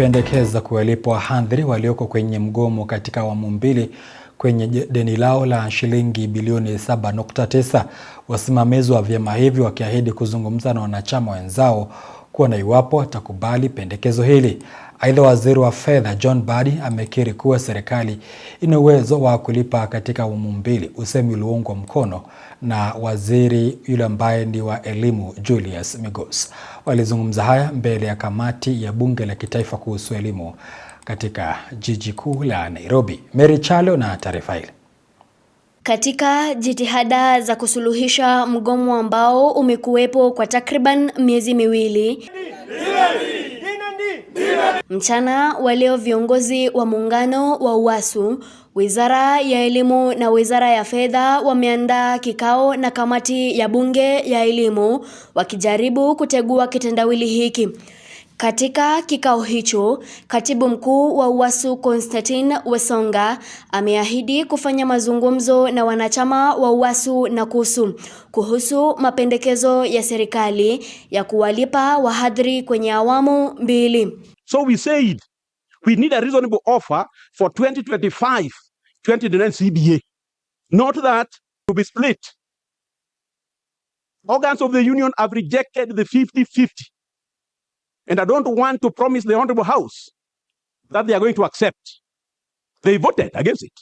kupendekeza kuwalipa wahadhiri walioko kwenye mgomo katika awamu mbili kwenye deni lao la shilingi bilioni 7.9, wasimamizi wa vyama hivyo wakiahidi kuzungumza na wanachama wenzao kuona iwapo atakubali pendekezo hili. Aidha, waziri wa fedha John Badi amekiri kuwa serikali ina uwezo wa kulipa katika awamu mbili, usemi ulioungwa mkono na waziri yule ambaye ni wa elimu Julius Migos. Walizungumza haya mbele ya kamati ya bunge la kitaifa kuhusu elimu katika jiji kuu la Nairobi. Mary Chalo na taarifa hili. Katika jitihada za kusuluhisha mgomo ambao umekuwepo kwa takriban miezi miwili mchana wa leo, viongozi wa muungano wa UWASU, wizara ya elimu na wizara ya fedha wameandaa kikao na kamati ya bunge ya elimu wakijaribu kutegua kitendawili hiki. Katika kikao hicho, Katibu Mkuu wa UWASU Constantine Wasonga ameahidi kufanya mazungumzo na wanachama wa UWASU na kuhusu kuhusu mapendekezo ya serikali ya kuwalipa wahadhiri kwenye awamu mbili. So we said we need a reasonable offer for 2025 2029 CBA. Not that to be split. Organs of the union have rejected the 50-50. And I don't want to promise the Honorable House that they are going to accept. They voted against it.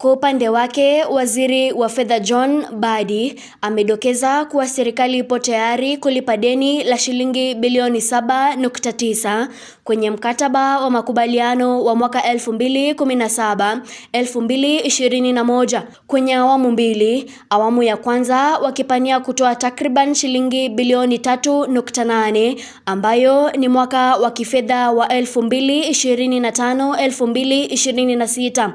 Kwa upande wake, Waziri wa Fedha John Badi amedokeza kuwa serikali ipo tayari kulipa deni la shilingi bilioni 7.9 kwenye mkataba wa makubaliano wa mwaka 2017 2021 kwenye awamu mbili, awamu ya kwanza wakipania kutoa takriban shilingi bilioni 3.8 ambayo ni mwaka wa kifedha wa 2025 2026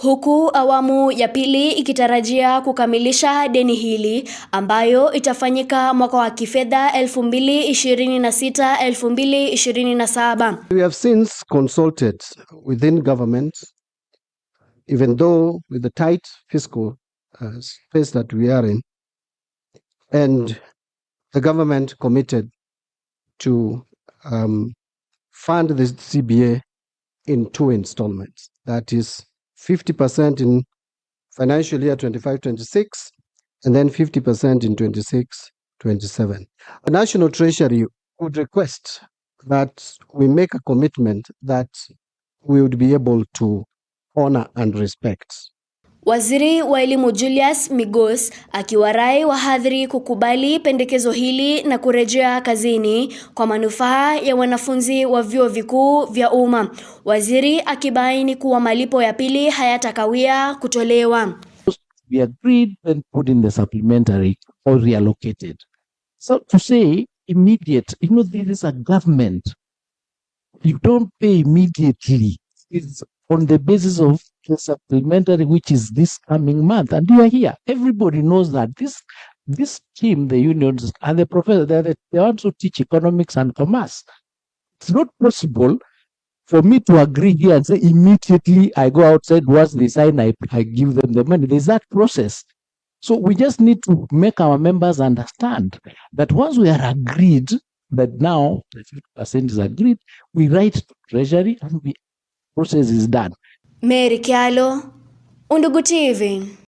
huku awamu ya pili ikitarajia kukamilisha deni hili ambayo itafanyika mwaka wa kifedha 2026 2027. We have since consulted within government even though with the tight fiscal uh, space that we are in and the government committed to um, fund this CBA in two installments that is 2026 50% in financial year 25 26, and then 50% in 26 27. The national treasury would request that we make a commitment that we would be able to honor and respect. Waziri wa Elimu Julius Migos akiwarai wahadhiri kukubali pendekezo hili na kurejea kazini kwa manufaa ya wanafunzi wa vyuo vikuu vya umma. Waziri akibaini kuwa malipo ya pili hayatakawia kutolewa. We agreed and put in the supplementary or reallocated. So to say immediate, you know, there is a government. You don't pay immediately. It's on the basis of the supplementary, which is this coming month. And you are here. Everybody knows that this this team, the unions and the professors, they are the ones who teach economics and commerce. It's not possible for me to agree here and say immediately I go outside once they sign, I, I give them the money. There's that process. So we just need to make our members understand that once we are agreed that now the 50% is agreed, we write to Treasury and we process is done. Mary Kialo, Undugu TV.